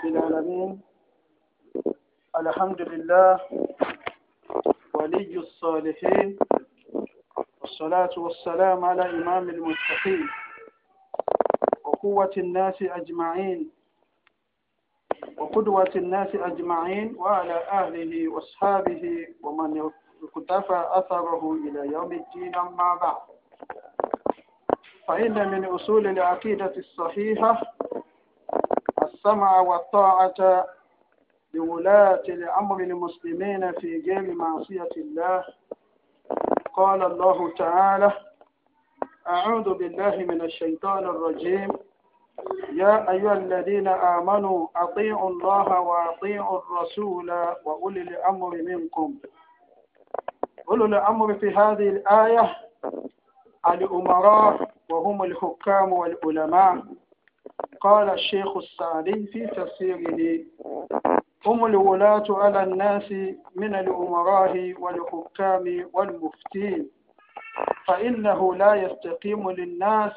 رب العالمين الحمد لله ولي الصالحين والصلاة والسلام على إمام المتقين وقوة الناس أجمعين وقدوة الناس أجمعين وعلى أهله وأصحابه ومن اقتفى أثره إلى يوم الدين أما بعد فإن من أصول العقيدة الصحيحة السمع والطاعة لولاة الأمر المسلمين في غير معصية الله قال الله تعالى أعوذ بالله من الشيطان الرجيم يا أيها الذين آمنوا أطيعوا الله وأطيعوا الرسول وأولي الأمر منكم أولي الأمر في هذه الآية الأمراء وهم الحكام والعلماء قال الشيخ السعدي في تفسيره هم الولاة على الناس من الأمراء والحكام والمفتين فإنه لا يستقيم للناس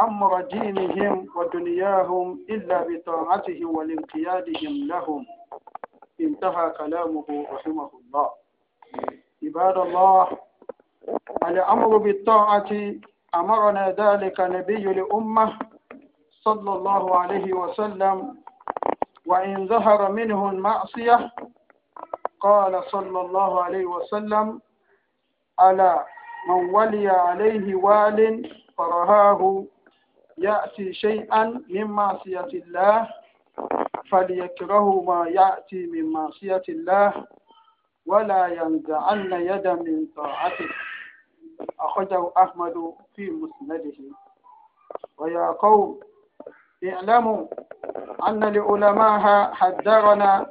أمر دينهم ودنياهم إلا بطاعته والانقيادهم لهم انتهى كلامه رحمه الله عباد الله الأمر بالطاعة أمرنا ذلك نبي الأمة صلى الله عليه وسلم وإن ظهر منه المعصية قال صلى الله عليه وسلم على من ولي عليه وال فرهاه يأتي شيئا من معصية الله فليكره ما يأتي من معصية الله ولا ينزعن يدا من طاعته أخرجه أحمد في مسنده ويا قوم اعلموا أن لعلماها حذرنا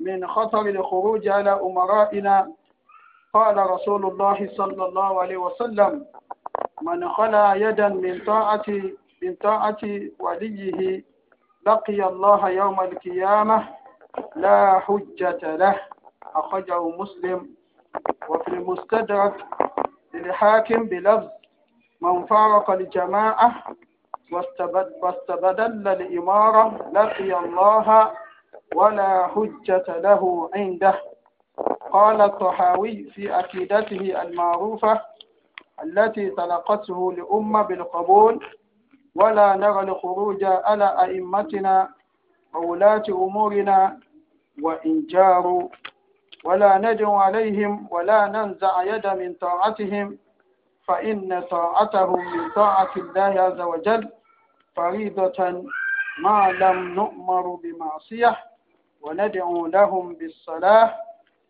من خطر الخروج على أمرائنا قال رسول الله صلى الله عليه وسلم من خلى يدا من طاعة من طاعة وليه لقي الله يوم القيامة لا حجة له أخرجه مسلم وفي المستدرك للحاكم بلفظ من فارق الجماعة واستبدل الإمارة لقي الله ولا حجة له عنده قال الطحاوي في عقيدته المعروفة التي تلقته الأمة بالقبول ولا نرى الخروج على أئمتنا وولاة أمورنا وإن جاروا ولا ندعو عليهم ولا ننزع يد من طاعتهم فإن طاعتهم من طاعة الله عز وجل فريضة ما لم نؤمر بمعصية وندعو لهم بالصلاة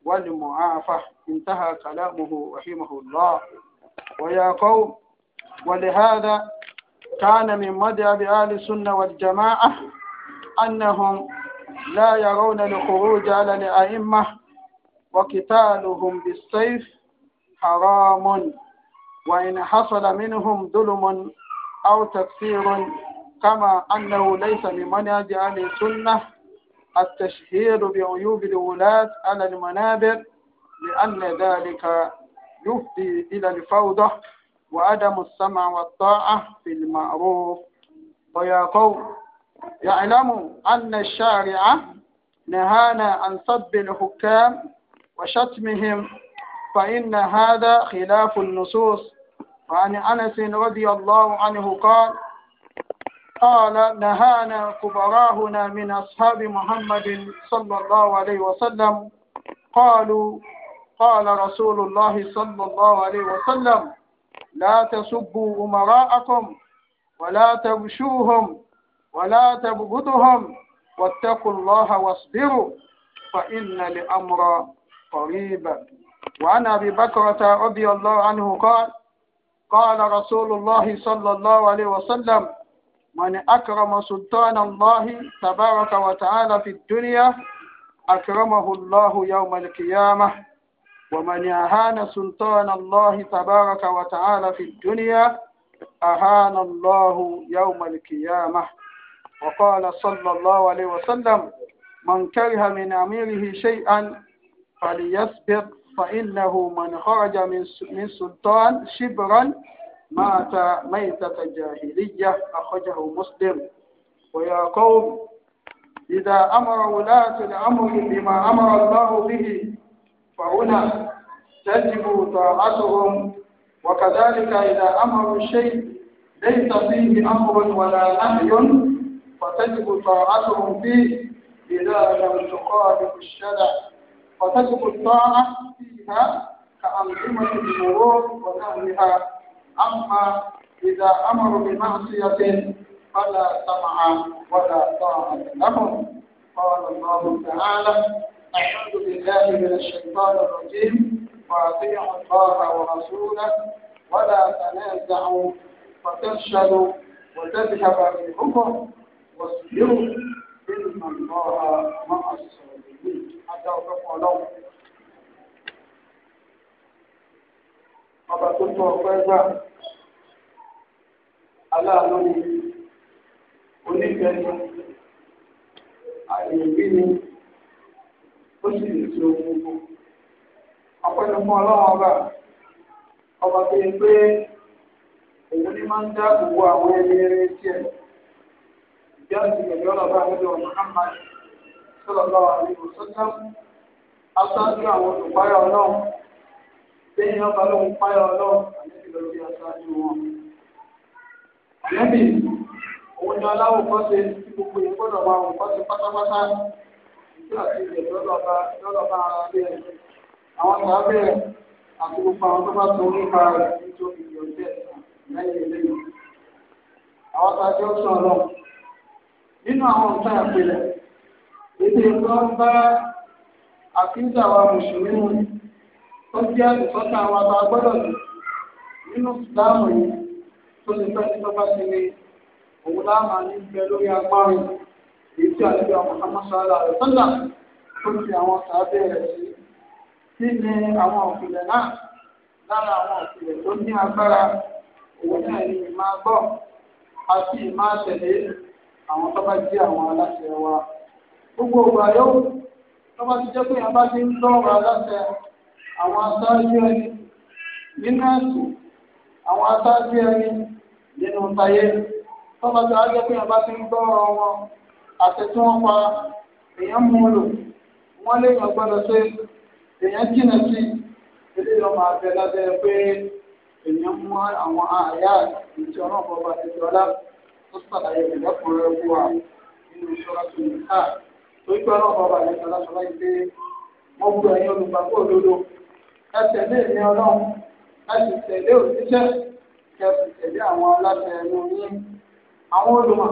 والمعافى انتهى كلامه رحمه الله ويا قوم ولهذا كان من مذهب أهل السنة والجماعة أنهم لا يرون الخروج على الأئمة وقتالهم بالسيف حرام وإن حصل منهم ظلم أو تكفير كما أنه ليس من منهج أهل السنة التشهير بعيوب الولاة على المنابر لأن ذلك يفضي إلى الفوضى وعدم السمع والطاعة في المعروف ويا قوم يعلموا أن الشارع نهانا عن سب الحكام وشتمهم فإن هذا خلاف النصوص وعن أنس رضي الله عنه قال قال نهانا كبراهنا من أصحاب محمد صلى الله عليه وسلم قالوا قال رسول الله صلى الله عليه وسلم لا تسبوا أمراءكم ولا تبشوهم ولا تبغضهم واتقوا الله واصبروا فإن لأمر قريبا وعن أبي بكرة رضي الله عنه قال قال رسول الله صلى الله عليه وسلم من أكرم سلطان الله تبارك وتعالى في الدنيا أكرمه الله يوم القيامة ومن أهان سلطان الله تبارك وتعالى في الدنيا أهان الله يوم القيامة وقال صلى الله عليه وسلم من كره من أميره شيئا فليسبق فإنه من خرج من سلطان شبرا مات ميتة جاهلية أخرجه مسلم ويا قوم إذا أمر ولاة الأمر بما أمر الله به فهنا تجب طاعتهم وكذلك إذا أمروا الشيء ليس فيه أمر ولا نهي فتجب طاعتهم فيه إذا لم تخالف الشرع فتجب الطاعة فيها كأنظمة المرور ونحوها أما إذا أمروا بمعصية فلا سمع ولا طاعة لهم قال الله تعالى أعوذ بالله من الشيطان الرجيم وأطيعوا الله ورسوله ولا تنازعوا فتفشلوا وتذهب ريحكم واصبروا إن الله مع الصابرين حتى تقولوا ọba tó tọ́ ọpẹ́ gbà aláàánú ni onífẹ̀ẹ́ àyèwí ni ó sì lè ṣe ohun gbogbo ọpẹ́ ni fún ọlọ́run ọba ọba tó yẹ pé èyí ni máa ń dá gbogbo àwọn ẹni eré tiẹ̀ ìjà ti gbẹ̀gbẹ́ ọlọ́ba àgbẹ̀dẹ̀ ọ̀nà àmà sọ̀rọ̀ lọ́wọ́ àríwò sọ́jà aṣáájú àwọn olùpáyà ọlọ́run lẹ́yìn ọba lóhun páyọ ọlọ́run àlẹ́bí ló fi aṣáájú wọn. àlẹ́bí òun ni aláwọ̀ kan ṣe tí gbogbo ìgbọ́dọ̀ máa wọ̀ kọ́ sí pátápátá ìjọ àti ìjẹ̀ lọ́lọ́ba lọ́lọ́ba ara bẹ́ẹ̀ àwọn sàá bẹ́ẹ̀ àti gbogbo àwọn tó bá tó nípa rẹ̀ nítorí ìyọ̀jẹ̀ lẹ́yìn lẹ́yìn. àwọn sàá jẹ́ ọ̀sán ọlọ́run nínú àwọn nǹkan àpilẹ̀ ètò ìgbọ́n bá àkíńtà wa mùsùlùmí ó jẹ́ ìfọ́tà àwọn àgbà gbọ́dọ̀ lò nínú ìdáhùn yìí tó lè fẹ́ tí tọ́ba ti ní òun láàmà ní ìgbẹ́ lórí agbárin èyí tí àlejò àwọn amọ́sọ́lá rẹ̀ sọ́dà tó fi àwọn sàábẹ̀ rẹ̀ sí kí ni àwọn òpìlẹ̀ náà lára àwọn òpìlẹ̀ tó ní agbára òun náà ni ìmáa gbọ́ àti ìmáa tẹ̀lé àwọn tọ́ba jẹ́ àwọn aláṣẹ wa gbogbo ògbà yóò tọ́ba ti jẹ́ pé yàrá ti ń lọ́rọ̀ aláṣẹ àwọn aṣáájú ẹni nínú ẹ̀sùn àwọn aṣáájú ẹni nínú táyé tọ́lá tí wọ́n jẹ́ pé ọba ti ń gbọ́rọ̀ wọn àti tí wọ́n pa èèyàn mú un lò wọ́n lè yàn gbọ́dọ̀ pé èèyàn jìnà sí ilé ìlọ́mọ abẹ lábẹ́ pé èèyàn mú àwọn àyà ìtì ọ̀nà ọ̀bọ̀bà àti ọ̀la tó sàlàyé ìlọ́kùnrin ẹ̀kú wa nínú ìṣọ́ra tó ní ká torí pé ọ̀nà ọ̀bọ̀bà àti sọ láì pé wọ́n gbọ́ ẹ̀yìn olùgbàgbọ́ òdodo ẹ tẹ̀lé mi ọlọ́run ẹ sì tẹ̀lé òṣìṣẹ́ ẹ sì tẹ̀lé àwọn aláṣẹ ẹnu yín àwọn olùmọ̀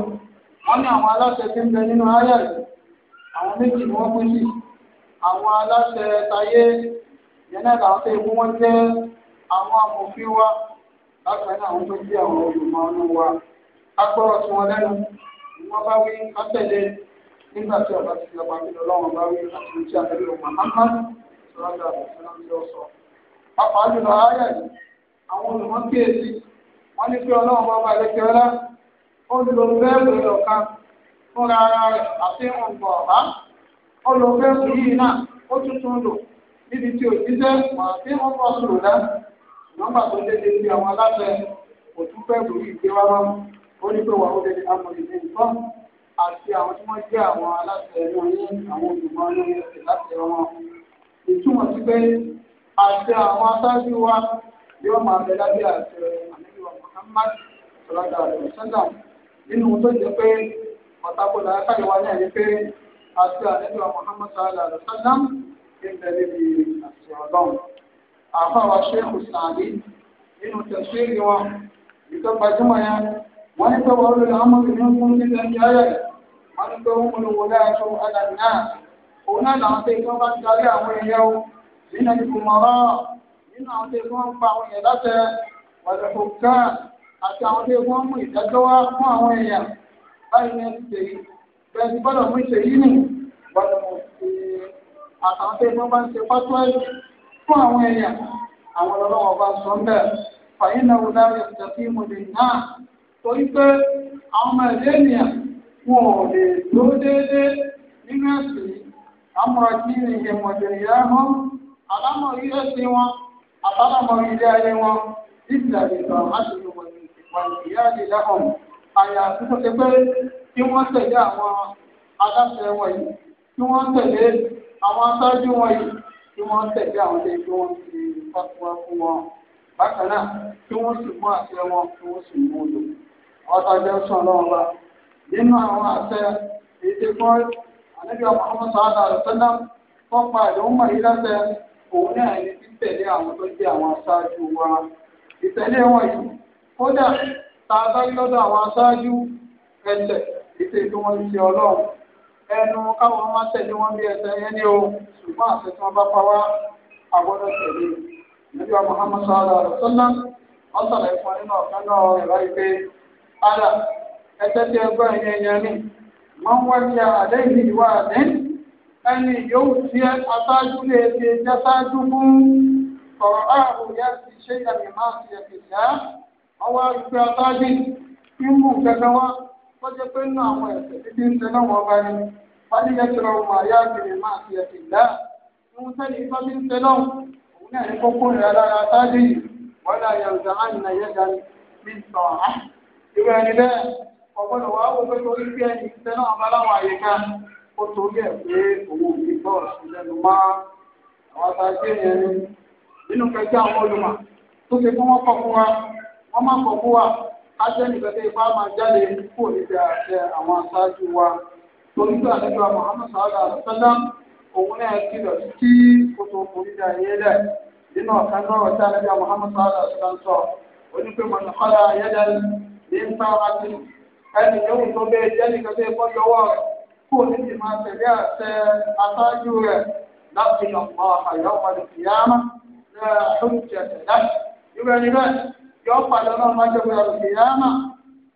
wọ́n ní àwọn aláṣẹ tí ń bẹ nínú ayé rẹ̀ àwọn méjì ni wọ́n pín sí àwọn aláṣẹ tayé yẹn náà làwọn ikú wọn jẹ́ àwọn amòfin wa láti àwọn tó jẹ́ àwọn olùmọ̀ ọ̀nù wa agbọ́rọ̀ tí wọ́n lẹ́nu wọ́n bá wí kátẹ̀lé nígbà tí ọba ti fi ọba mi lọ́wọ́ bá wí láti ní tí a lè lò lọ́dọ̀ àdìsílẹ̀ ń lọ sọ. pápá jùlọ ayé àwọn olùmọ̀ kíyèsí wọ́n ní pé ọlọ́run bá balẹ̀ kí ọlá ó lo bẹ́ẹ̀lù ọ̀kan fúnra ara rẹ̀ àti ọ̀gbọ̀n ọ̀bá ó lo bẹ́ẹ̀lù yìí náà ó tuntun lò níbi tí òjíṣẹ́ wà sí ọ̀pọ̀ sùrù náà nọ́mbà tó dédé sí àwọn aláṣẹ òtún bẹ́ẹ̀lù yìí gbé wá mọ́ ó ní pé wà ó dédé amòye ní ìgbọ́n àti àwọn tí wọ́n jẹ́ àwọn aláṣẹ ẹ̀rọ yín àwọn olùmọ̀ ẹ̀rọ ẹ̀sẹ̀ láti ẹ̀rọ wọn ìtumọ̀ sí pé àti àwọn aṣáájú wa yóò máa bẹ lábẹ́ àti àmìlíwà Muhammad sọlọ́dà àdùnsẹ́dà nínú tó jẹ́ pé ọ̀tàkùnrin aṣáájú wa náà ní pé àti àmìlíwà Muhammad sọlọ́dà àdùnsẹ́dà ń bẹ níbi àti ọlọ́run. àfàwà ṣéèkù sàlí nínú tẹ̀síìrì wọn ìtọ́gbà jùmọ̀ yẹn wọ́n ní pé wọ́n lè lọ́mọ́ ìlú fún nílẹ̀ ní ayẹ̀ wọ́n ní pé wọ́n mú òun náà làwọn tó ikú bá ti darí àwọn èèyàn o nínú ìgbìmọ̀rọ̀ nínú àwọn tó ikú ń pa àwọn èèyàn láṣẹ wàlúùkù kan àti àwọn tó ikú ń mú ìdájọ́ wá fún àwọn èèyàn báyìí ní ẹsẹ̀ yìí bẹ́ẹ̀ ti gbọ́dọ̀ mú ìṣe yìí nì gbọ́dọ̀ àtàwọn tó ikú ọlọ́wọ́ bá sọ ń bẹ̀ wò láyé ọ̀sẹ̀ tí mo lè ná torí pé àwọn ọmọ ẹ̀dẹ́ ènìyàn lè dúró déédéé nínú ẹ̀sìn àmúra tí ìrìnjẹ mọ̀jẹ̀rìyà hàn alámọ̀rí ẹ̀sìn wọn àtàlámọ̀rí ilé ayé wọn ìgbà ìgbà láti lò wọ̀nyí ìwàlùyà lè dáhùn àyà àtúntò ṣe pé kí wọ́n tẹ̀lé àwọn aláṣẹ wọn yìí kí wọ́n tẹ̀lé àwọn aṣáájú wọn yìí kí wọ́n tẹ̀lé àwọn ilé tí wọ́n ti fàtúwà fún wọn bákan náà kí wọ́n sì mú àṣẹ wọn kí wọ́n sì mú lò ọ̀tá jẹ́ sọ̀rọ̀ ọba nínú àwọn àṣẹ ètò ànábì Muhammad sallallahu alaihi wasallam àdéhùn mọ̀ yìí òun náà ní títẹ̀lé àwọn tó jẹ́ àwọn aṣáájú wa ìtẹ̀lé wọn yìí kódà a lọ́dọ̀ àwọn aṣáájú ẹlẹ̀ ṣe ọlọ́run ẹnu káwọn máa tẹ̀lé wọn bí ẹsẹ̀ o ṣùgbọ́n àṣẹ tí wọ́n bá pa wá tẹ̀lé nínú wọ́n wá ní àlẹ́yìn ìwà àlẹ́ ẹni yóò tí aṣáájú lè ṣe jáṣáájú fún ọ̀rọ̀ ààrùn yá ti ṣe ìyàmì máa ti ẹ̀fẹ̀ dá ọwọ́ ìgbé aṣáájú kí mú gẹ́gẹ́ wá tó jẹ́ pé nínú àwọn ẹ̀sẹ̀ títí ń tẹ náà wọ́n bá ní fàdíyẹ tí wọ́n wà yá ti máa ti ẹ̀fẹ̀ dá ohun tẹ́lẹ̀ ìfọ́ ti ń tẹ náà òun náà ní kókó rẹ̀ ọ̀gbọ́dọ̀ wà wò pé torí pé ẹni tẹ náà bá àyíká ó torí ẹ̀ pé òun ò ní gbọ́ lẹ́nu àwọn àtàjẹ́ yẹn nínú àwọn olùmọ̀ tó wọn fún wa fún wa tó ipá máa jáde níbi àṣẹ Muhammad òun náà ti lọ sí kótó nínú ọ̀kan Muhammad sọ mọ̀nàkọ́lá ní ẹnì yòówù tó bẹ́ẹ̀ jẹ́nì kan bẹ́ẹ̀ kọ́ yọwọ́ rẹ̀ kó o níbi máa tẹ̀lé àṣẹ aṣáájú rẹ̀ láti ọ̀pọ̀ àyọ̀ ọmọdé kìyàmá rẹ̀ àlóòjẹ̀ tẹ̀lá. irú ẹni bẹ́ẹ̀ yọ padà náà máa jẹ́ pé àlùkìyàmá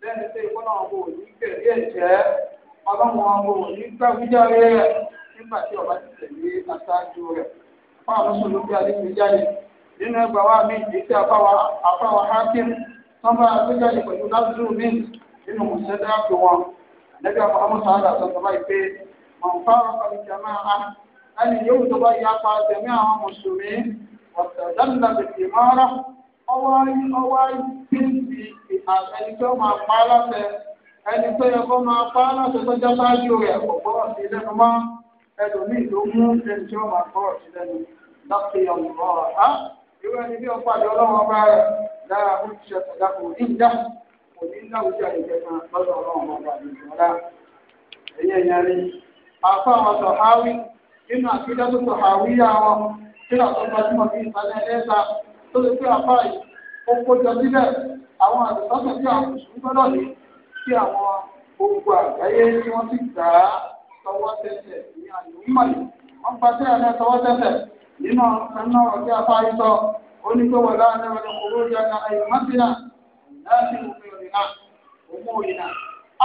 lẹ́ni tó ikú náà kò ní kẹ̀lé ẹ̀jẹ̀ ọlọ́run àwọn òní pẹ́ wíjáre rẹ̀ nígbà tí ọba ti tẹ̀lé aṣáájú rẹ̀ fún àwọn mùsùlùmí adékùnjáde inu mùsẹ́dá fi wọn ànábì àwọn amúsà àdà sọ̀tọ̀ báyìí pé mọ̀ ń fáwọn kọ̀ọ̀kì máa ẹni yóò tó bá yá pa tẹ̀mí àwọn mùsùlùmí ọ̀tẹ̀dánilá bèbè mọ́rọ́ ọwọ́ ọwọ́ bíbí ẹni tó máa pa láṣẹ ẹni tó yẹ ha kò ní láwùjọ àdìjẹta lọ́dọ̀ ọlọ́run ọba àdìjọ́lá ẹ̀yẹ ẹ̀yà ni àfa àwọn sọ̀háwí nínú àfíjá tó sọ̀háwí yá wọn kíra tó gbajúmọ̀ bí ìsàlẹ̀ ẹ̀ẹ́ta tó lè àfa yìí ó kójọ àwọn àdìsọ́sọ̀ tí àwọn gbọ́dọ̀ àwọn gbogbo àgbáyé tí wọ́n ti gbà á tọwọ́ ní wọ́n gba sí tọwọ́ nínú náà òmù òyìn náà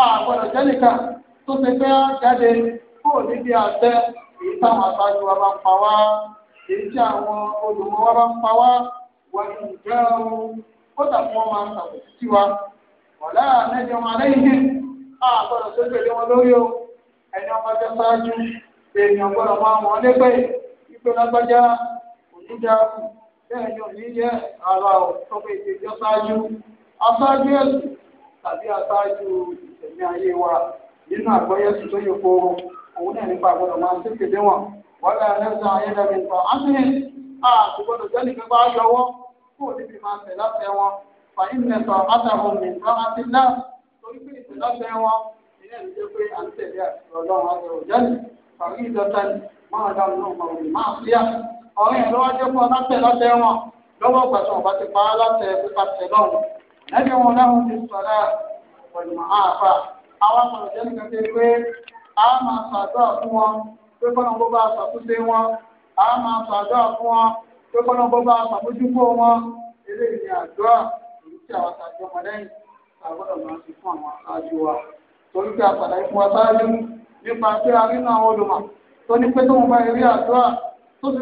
àgbọ̀dọ̀ tó ti fẹ́ jáde kúrò níbi àtẹ èyí táwọn wa bá ń pa wá èyí wa bá ń pa wá wọ́n ti jẹ́ ohun wa àmẹ́jọ lẹ́yìn àgbọ̀dọ̀ tó wọn lórí o ẹni ọmọdé ṣáájú èèyàn gbọ́dọ̀ máa wọ́n lépè ìpè lágbájá òní bẹ́ẹ̀ ni òní yẹ ara aṣáájú ẹ̀sìn tàbí aṣáájú ìṣẹ̀mí ayé wa nínú àgbọ́yẹ̀sìn tó yẹ kóró òun náà nípa àgbọ̀dọ̀ máa ń ṣe kéde wọn wọ́n lẹ́yìn lẹ́sẹ̀ ayédèrè nǹkan ásìnì àti gbọ́dọ̀ jẹ́ nìkan bá yọwọ́ kó níbi máa tẹ̀ láfẹ́ wọn fàyín mẹ́tọ̀ átàwọn mìíràn àti náà torí pé ìtẹ̀ láfẹ́ wọn ìyẹn ń jẹ́ pé à ń tẹ̀lé àti ọlọ́run àti òjẹ́lì fàrí ìdọ́ta ni máa dá nínú ọmọ òní máa fi à ọ̀rẹ́ ẹ̀ lọ́wọ́ jẹ́ ندعو لهم بالصلاة والمعافى àwọn sọ̀rọ̀ jẹ́ nìkan ṣe pé a máa ṣàdúrà fún wọn pé kọ́nà bó bá ṣàtúnṣe wọn a máa ṣàdúrà fún wọn pé kọ́nà bó bá ṣàmójúkó wọn eléyìí ni àdúrà èyí tí àwọn ṣàjọ ọmọlẹ́yìn ṣàgbọ́dọ̀ máa ṣe fún àwọn aṣáájú wa torí pé àpàdà ìfún wa sáájú nípa pé a rí náà olùmọ̀ tó ní pé tó ń bá eré ti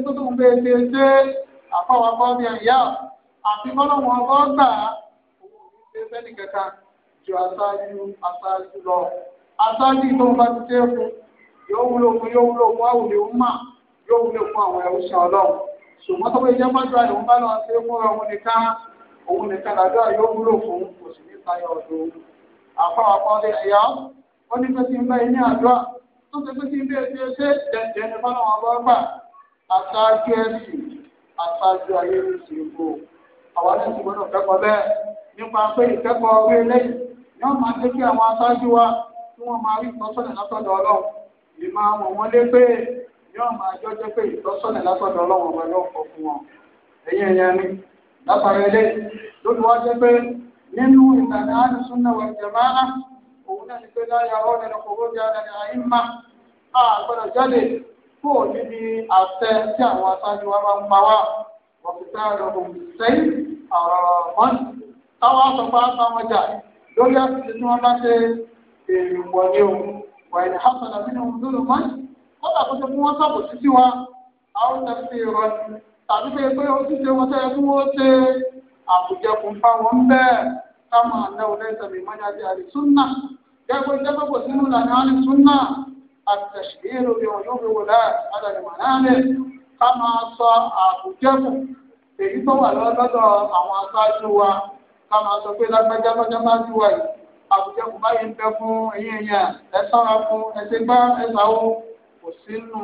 tó tó sẹ́ni kẹta ju aṣáájú aṣáájú lọ aṣáájú tó ń bá ti dé fún yóò wúlò fún yóò wúlò fún àwùjọ ọmọ yóò wúlò fún àwọn ẹrú sàn ọlọ́run ṣùgbọ́n tó bá yẹ mọ́jú àyè ń bá lọ sí fún ọmọ nìkan òun nìkan làdúrà yóò wúlò fún kò sì ní sáyọ ọdún àpá àpá lè ẹ̀yà ó ní pé tí ń bá yín ní àdúrà tó ṣe pé tí ń bẹ́ẹ̀ ṣe ṣe jẹ̀jẹ̀ ní fọ́nà wọn bọ́ gbà aṣáájú ẹ̀sìn aṣáájú ayé ní ìṣègùn àwọn ẹ̀sìn gbọ́dọ̀ kẹ́kọ̀ọ́ bẹ́ẹ̀ nípa pé ìkẹ́kọ̀ọ́ orí eléyìí yóò máa jẹ́ kí àwọn aṣáájú wa kí wọ́n máa rí ìtọ́sọ́nà látọ̀dọ̀ ọlọ́run ìmọ̀ àwọn wọn lé pé yóò máa jọ jẹ́ pé ìtọ́sọ́nà látọ̀dọ̀ ọlọ́run ọba yóò kọ̀ fún wọn ẹ̀yìn ẹ̀yà mi látara eléyìí lórí wá jẹ́ pé nínú ìlànà àdùsùn náà wà jẹ̀máà òun náà ni pé láyà ọ̀rọ̀ ẹ̀rọ kòkó jẹ́ àdàdà àyínmá àgbọ̀dọ̀ jáde kó níbi àṣẹ tí àwọn aṣáájú wa máa ń pa táwọn àtọ̀pá táwọn jà lórí àtúnṣe tí wọ́n bá ṣe èrè wọ̀ ní o wà ní hasan àbínú lónìí mọ́ni wọ́n tàbí pé wọ́n sọ̀bù títí wa àwọn tẹ̀sí rọ tàbí pé pé ojúṣe wọn tẹ́ kí wọ́n ṣe àbùjẹkùn bá wọn bẹ́ẹ̀ táwọn àná olè tẹ̀lé mọ́ni àti àlìsúnà jẹ́gbẹ́ jẹ́gbẹ́ kò sínú ìlànà àlìsúnà àtẹ̀síyèrè obìnrin yóò fi wò láà adàlùmọ̀ náà lẹ̀ ká máa sọ àbùjẹkùn èyí tó wà lọ́dọ̀ àwọn aṣáájú wa ká máa sọ pé lágbájá lọ́jọ́ máa ń wà yìí àbújá kò báyìí ń bẹ fún ẹ̀yìn ẹ̀yà ẹ sọ́ra fún ẹsẹ̀ gbá ẹ̀sà ó kò sínú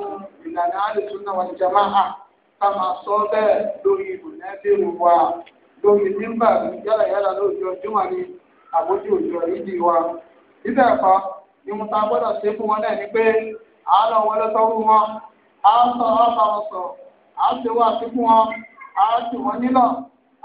ìlànà àlùsùnà wal jàmáà ká máa sọ bẹ́ẹ̀ lórí ìbùnẹ́bí wa lórí nígbà yálà yálà lóòjọ́ jùmọ̀ ni àbójú òjò ìdí wa nígbà ẹ̀kọ́ ìwọ̀n tá a gbọ́dọ̀ ṣe fún wọn náà ni pé àálọ̀ wọn ló tọ́wọ́ wọn á sọ ọ́ bá wọn sọ àá ṣe wá sí fún wọn àá sì wọn nílọ̀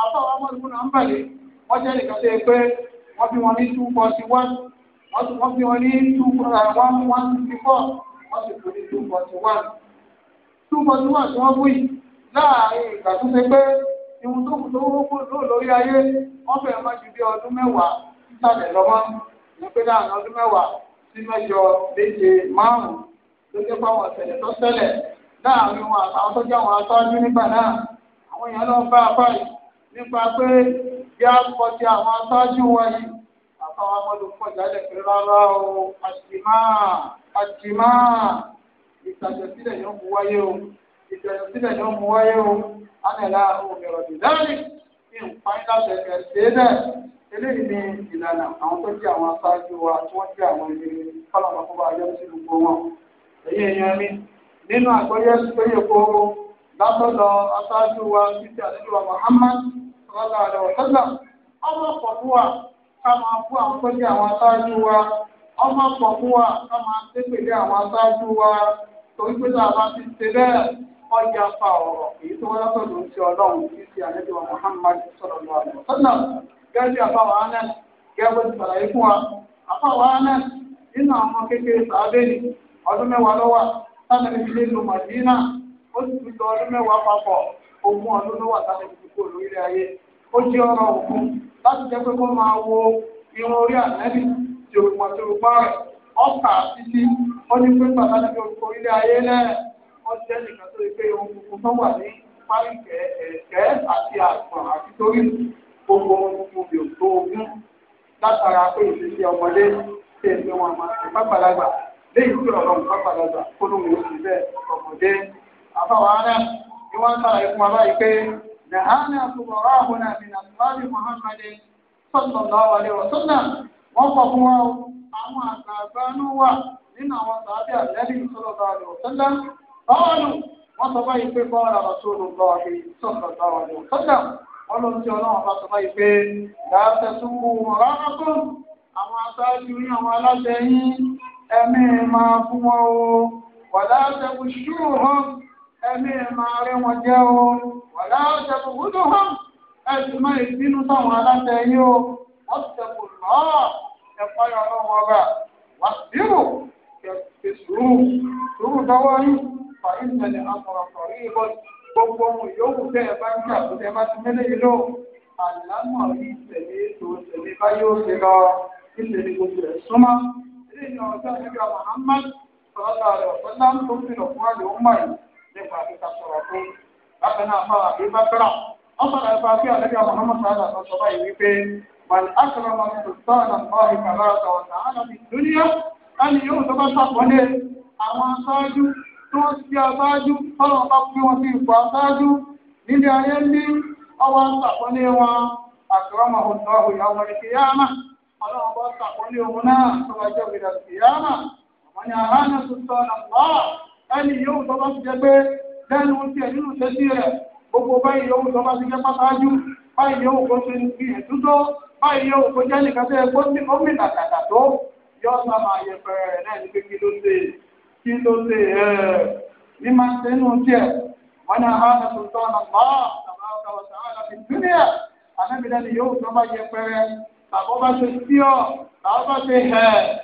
àfọwọ́ ọmọdún náà ń bẹ̀lẹ̀ wọ́n jẹ́ nìkan tó yẹ pé wọ́n bí wọn ní two forty one wọ́n bí wọn ní two one one fifty four wọ́n sì kò ní two forty one two forty one tí wọ́n wí láàrin ìgbà tó ṣe pé ìhun tó kù tó wọ́pọ̀ lóò lórí ayé wọ́n fẹ́ẹ́ má ju bí ọdún mẹ́wàá títàlẹ̀ lọ́mọ́ ní pé láàrin ọdún mẹ́wàá sí mẹ́jọ méje márùn-ún ló jẹ́ fáwọn ọ̀sẹ̀lẹ̀ tó nípa pé bí a kọ ti àwọn aṣáájú wa yìí àtàwọn ọmọdé pọ̀ jálẹ̀ pé rárá o àtìmá àtìmá ìtàjẹ̀sílẹ̀ yóò mú wáyé o ìtàjẹ̀sílẹ̀ yóò mú wáyé o ánàlá òmìnira dìdáàlì ní ìpáyínlá bẹ̀rẹ̀ ṣe bẹ́ẹ̀ eléyìí ni ìlànà àwọn tó jẹ́ àwọn aṣáájú wa tí wọ́n jẹ́ àwọn ìlú kọ́lọ́mọ fún wa yọ sí gbogbo wọn èyí èèyàn mi nínú àgbọ́yé péye kóró látọ̀dọ̀ aṣáájú wa títí àdúgbò Muhammad sọlá rẹ ọ̀tọ́lá ọmọ pọ̀ fún wa ká máa fún àwọn tó jẹ́ àwọn aṣáájú wa ọmọ pọ̀ fún ká máa àwọn wa torí pé a bá ti ṣe bẹ́ẹ̀ ọjà fa ọ̀rọ̀ èyí tó wáyé pẹ̀lú ti ọlọ́run tí ti àlejò wa Muhammad sọ̀rọ̀ lọ àlọ́ gẹ́gẹ́ àbáwọ̀ gẹ́gẹ́ ti wa àbáwọ̀ anẹ́ nínú àwọn kékeré ni ọdún mẹ́wàá lọ́wọ́ lu ó sì lọ ọdún mẹ́wàá ogún ọdún ló wà sáré ti kúrò lórílẹ̀ ayé ó jẹ́ ọ̀rọ̀ òkun láti jẹ́ pé kó wo irun orí àtẹ́bí ti òrùpọ̀ ti òrùpọ̀ rẹ̀ ọ̀kà títí ó ní pé pàtàkì ti orílẹ̀ ayé lẹ́rẹ̀ ó jẹ́ nìkan tó pé ohun gbogbo ohun bí ogún látara pé ìṣesí ọmọdé ṣe ń gbé wọn máa ṣe pápálágbà léyìí tí wọ́n ń sàlàyé fún wa nàhánà àtúbọ̀ ráhùn náà mi nàtúbáàbí Muhammad sallallahu alaihi wasallam wọ́n kọ̀ fún wa àwọn àgbààgbà náà wà nínú àwọn sàábì àlẹ́bí sallallahu alaihi wasallam báwọn wọ́n sọ báyìí pé bọ́ọ̀lù Rasulullah sallallahu alaihi wasallam wọ́n ló ń tí ọlọ́run bá sọ ẹ̀mí máa rí wọn jẹ́ o wàlá ọ̀sẹ̀kù gúdù hàn ẹ̀sùn máa ìbínú táwọn aláṣẹ yìí o wọ́n ti tẹ̀kù lọ́ọ̀ ẹ̀kọ́ yọ ọlọ́run ọba wà síbò kẹ̀kẹ́ sùúrù sùúrù dọ́wọ́ yìí fàyín tẹ̀lé àkọ̀rọ̀kọ̀ rí ibọ̀ gbogbo ohun yòówù bẹ́ẹ̀ bá ń jà tó tẹ́ bá ti mẹ́lẹ̀ yìí lọ àlámọ̀ rí tẹ̀lé tó tẹ̀lé bá yóò ṣe lọ nípa àfihàn sọ̀rọ̀ fún bákan náà fáwọn àbí bákàrà wọ́n sọ̀rọ̀ nípa àfihàn àlẹ́bí àwọn Muhammad sáadà tó sọ báyìí wípé wàl akọrọ ma fi sọ̀rọ̀ náà ní kàrà àtàwọn sàánà ní dúníà láti yóò tó bá sàpọ̀lé àwọn aṣáájú tó ń ṣe aṣáájú tọ́lọ̀ bá fi wọn sí ipò aṣáájú nílé ayé ní ọwọ́ sàpọ̀lé wọn àkọrọ ma hùn náà hùn yàwọn ìkìyàmà ọlọ́run bá sàpọ̀lé náà tó bá jẹ́ òkèdà ìkìyàmà wọ́n ni àhánà tó sọ̀rọ̀ náà ẹni yóò tọ́ bá ti jẹ pé lẹ́nu tí ẹ̀ nínú ṣe sí rẹ̀ gbogbo báyìí yóò tọ́ bá ti jẹ pátáájú báyìí yóò kó ṣe fi ètútọ́ báyìí yóò kó jẹ́ nìkan tẹ́ ẹgbọ́n tí ó mìtà tàtà tó yọ sábà yẹpẹrẹ rẹ̀ náà ní pé kí ló ṣe kí ló ṣe ẹ̀ ní máa ṣe nínú tí ẹ̀ wọ́n ní àhánà tó tọ́ ọ̀nà bá àbá ọ̀tá ọ̀tá ọ̀nà fi dúníà àná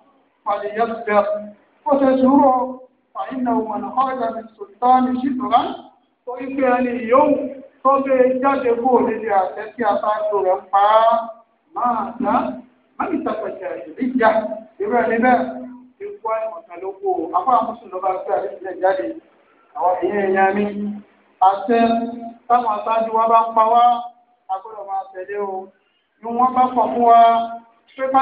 فليصبر وتسهر فإنه من خرج من سلطان شبرا وإن اليوم فبي جاجبو لدي أتكي أتاكي رفا ماذا من تفجع الحجة إبراهيم ìkọ́ ìmọ̀tàlókò afọ́ àmúṣùn lọ́ba sí àdéhùn jáde àwọn èèyàn ẹ̀yà mi àṣẹ táwọn aṣáájú wa bá ń pa wá a gbọ́dọ̀ máa tẹ̀lé o ni wọ́n bá pọ̀ fún wa pé ká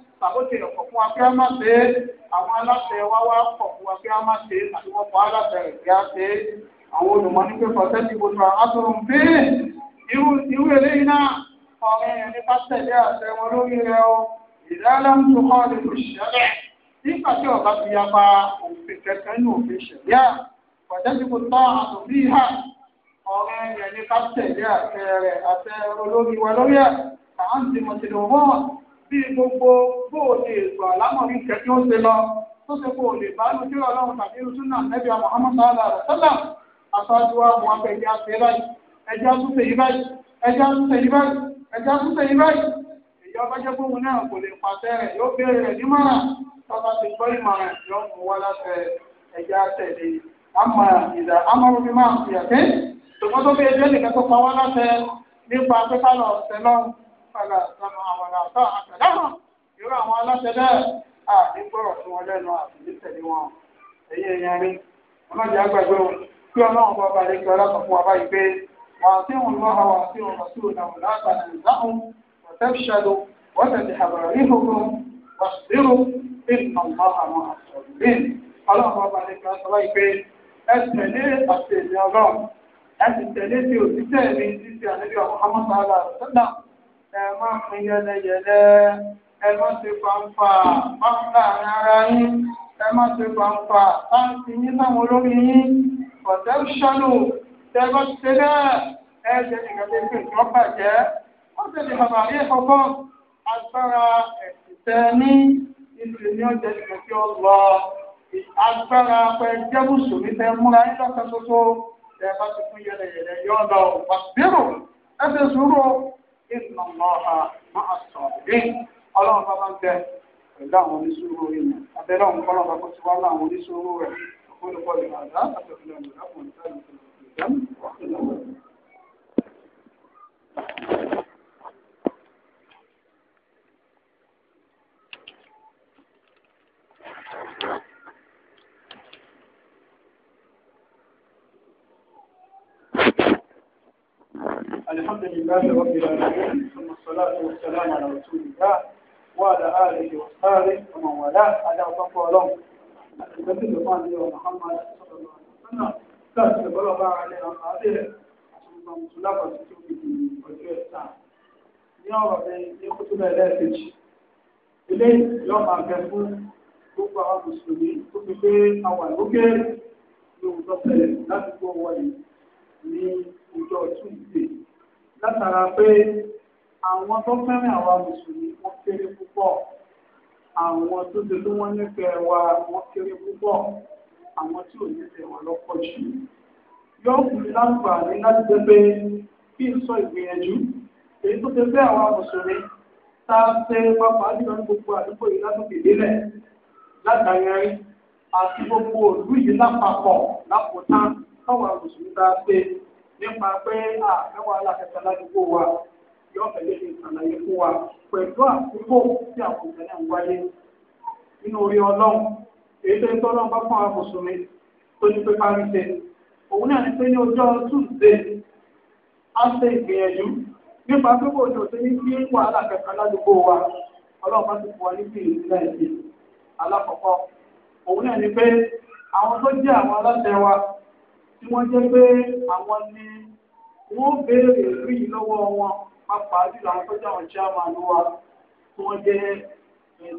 tàbó tilẹ̀ kọ̀ fún wa kí a má ṣe é àwọn aláṣẹ wa wá kọ̀ fún wa kí a má ṣe é àti wọ́n fọ aláṣẹ rẹ̀ kí a ṣe é àwọn olùmọ̀ ní pé fọ́tẹ́ ti gbogbo àtúrò ń bí irú eléyìí náà ọ̀rẹ́ yẹn nípa tẹ̀lé àṣẹ wọn lórí rẹ o ìdálámùtò kọ́ ni kò ṣẹlẹ̀ nígbà tí ọba ti yapa òfin kẹkẹ ní òfin ṣẹlẹ̀ fọ́tẹ́ ti gbogbo àtúrò ìhà ọ̀rẹ́ yẹn nípa tẹ̀lé àṣẹ rẹ̀ àṣẹ olórí wa lórí ẹ̀ àwọn ti mọ̀ bí gbogbo bóòlè ètò àlámọ̀rí kẹ́kí ó ṣe lọ tó ṣe bóòlè báàlù tí ọlọ́run tàbí rúṣúnà nẹ́bí Muhammad sallallahu alaihi wasallam aṣáájú wa mọ̀ ọ́pẹ́ ẹja ṣe báyìí ẹja tún ṣe yí báyìí ẹja tún ṣe yí báyìí ẹja tún ṣe yí báyìí èyí ọba jẹ́ pé òun náà kò lè pàṣẹ rẹ̀ yóò béèrè rẹ̀ nímọ̀ràn tọ́ta ti gbọ́ ìmọ̀ràn yóò mú wá láfẹ́ ẹja tẹ̀lé fàlà àtàmà àwọn àtà àtàláhàn irú àwọn aláṣẹ náà àdígbọ̀rọ̀ tí wọ́n lẹ́nu àtìlítẹ̀lé wọn èyí èèyàn rí ọlọ́jà àgbàgbé o kí ọlọ́run bá balẹ̀ kí ọlọ́kàn fún wa báyìí pé wàá tí òun lọ́ha wàá tí òun lọ sí òun àwọn látàlẹ̀ ìdáhùn وتفشلوا وتتحررهم واصبروا إن الله مع الصابرين ọlọ́run bá balẹ̀ kan sọ wáyé pé ẹ tẹ̀lé àti èmi ọlọ́run ẹ sì tẹ̀lé tí òṣìṣẹ́ mi ẹ má pín yẹlẹyẹlẹ ẹ má ṣe fàǹfà pápá ara yín ẹ má ṣe fàǹfà táǹtì yín sáwọn olórí yín kọ̀tẹ́ṣọ́nù tẹ bá ti ṣe bẹ́ẹ̀ ẹ jẹ́ nìkan tó fi ìjọ bàjẹ́ wọ́n ti di bàbá yìí ọgbọ́n agbára ẹ̀sìn tẹ ní ìlú ní ọjọ́ ìgbà tí ó lọ agbára pẹ jẹ́ mùsùlùmí tẹ múra yín lọ́kàn ṣoṣo tẹ bá ti fún yẹlẹyẹlẹ yọ ọ ìnà lọ́ha máa sọ̀ rí ọlọ́run bá bá ń bẹ pẹ̀lú àwọn oníṣòro ìmọ̀ abẹ́rẹ́ òun kọ́ lọ́ba kó ti wá láwọn oníṣòro rẹ̀ ọ̀pọ̀lọpọ̀ ìrìn àdá àtọ̀kùnrin ọ̀nà ìdákùnrin ìdákùnrin ìdákùnrin الحمد لله رب العالمين ثم الصلاة والسلام على رسول الله وعلى آله وصحبه ومن والاه على طفو لهم النبي محمد صلى الله عليه وسلم كان بلغ عليه قادر ثم صلى الله ní ọ̀rọ̀ mi ní kútúbà ẹlẹ́ẹ̀kejì ilé yóò máa bẹ fún gbogbo àwọn mùsùlùmí tó fi pé àwọn àlókè ní òun tó látara pé àwọn tó fẹ́ràn àwa mùsùlùmí wọ́n kéré púpọ̀ àwọn tó ṣe tó wọ́n nífẹ̀ẹ́ wa wọ́n kéré púpọ̀ àwọn tí ò nífẹ̀ẹ́ wa lọ́pọ̀ jù yóò fún mi láǹfààní láti jẹ́ pé kí n sọ ìgbìyànjú èyí tó ṣe pé àwa mùsùlùmí tá a ṣe pápá jùlọ ní gbogbo àdúgbò yìí lásìkò ìdílẹ̀ látàyẹrí àti gbogbo òlú yìí lápapọ̀ lápòtá táwọn mùsùlùmí tá a ṣe nípa pé àmẹ́wàá alákẹ́ta ládùúgbò wa yóò fẹ́lẹ́ lè ṣàlàyé fún wa pẹ̀lú àkókò tí àwọn ìṣẹ̀lẹ̀ ń wáyé nínú orí ọlọ́run èyí tó ń tọ́ ọlọ́run bá fún àwọn mùsùlùmí tó ní pé parí ṣe òun náà ní pé ní ọjọ́ túnṣe á ṣe ìgbìyànjú nípa pé kò tó ṣe ní sí wàhálà kẹta ládùúgbò wa ọlọ́run bá ti fún wa ní sí ìrìnlẹ̀ ìṣe alákọ̀ọ́kọ́ òun náà ní pé àwọn tó jẹ́ àwọn aláṣẹ wa tí wọ́n jẹ́ pé àwọn ni wọ́n béèrè rí lọ́wọ́ wọn pàápàá jùlọ àwọn tó jáwọn chairman wa tí wọ́n jẹ́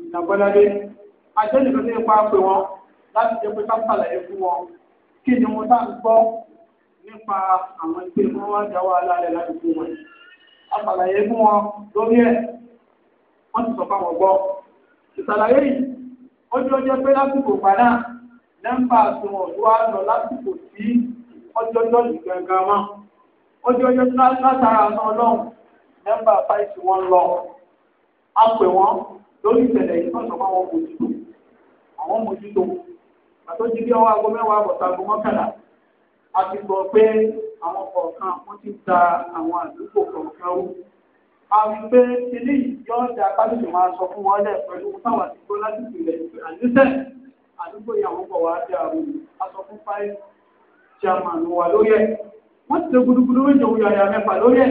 ìdàgbọ́ládé eh, àjẹ́nìkan tó pa pé wọn láti jẹ́ pé kápàlàyé fún wọn kí ni wọ́n táà ń gbọ́ nípa àwọn tí wọ́n wá jà wà lálẹ́ láti fún wọn àpàlàyé fún wọn lórí ẹ̀ wọ́n ti sọ fáwọn gbọ́ ìsàlàyé yìí ó dúró jẹ́ pé lásìkò padà nẹ́ńbà tí wọ́n wá lọ lásìkò tí ọjọ́ jọ́ọ̀jì gangan mọ́ ọjọ́ ọjọ́ látara náà lọ́hùn nẹ́mbà fáìsì wọn lọ á pè wọ́n lórí ìṣẹ̀lẹ̀ yìí wọ́n sọ fún àwọn mojútó àwọn jí bí ọwọ́ aago mẹ́wàá àbọ̀tà aago mọ́kànlá a ti gbọ́ pé àwọn kọ̀ọ̀kan wọ́n ti da àwọn àdúgbò kọ̀ọ̀kan rú àwọn pé ilé yóò da kábíyèsí máa sọ fún wọn lẹ pẹ̀lú táwọn àdúgbò láti ìpìlẹ̀ àdúgbò àdúgbò yìí àwọn bọ̀ wá dé àwọn aṣọ fáìlì tí a máa lò wà lórí ẹ̀ wọ́n ti lè gudugudu méje òun yàyà mẹ́fà lórí ẹ̀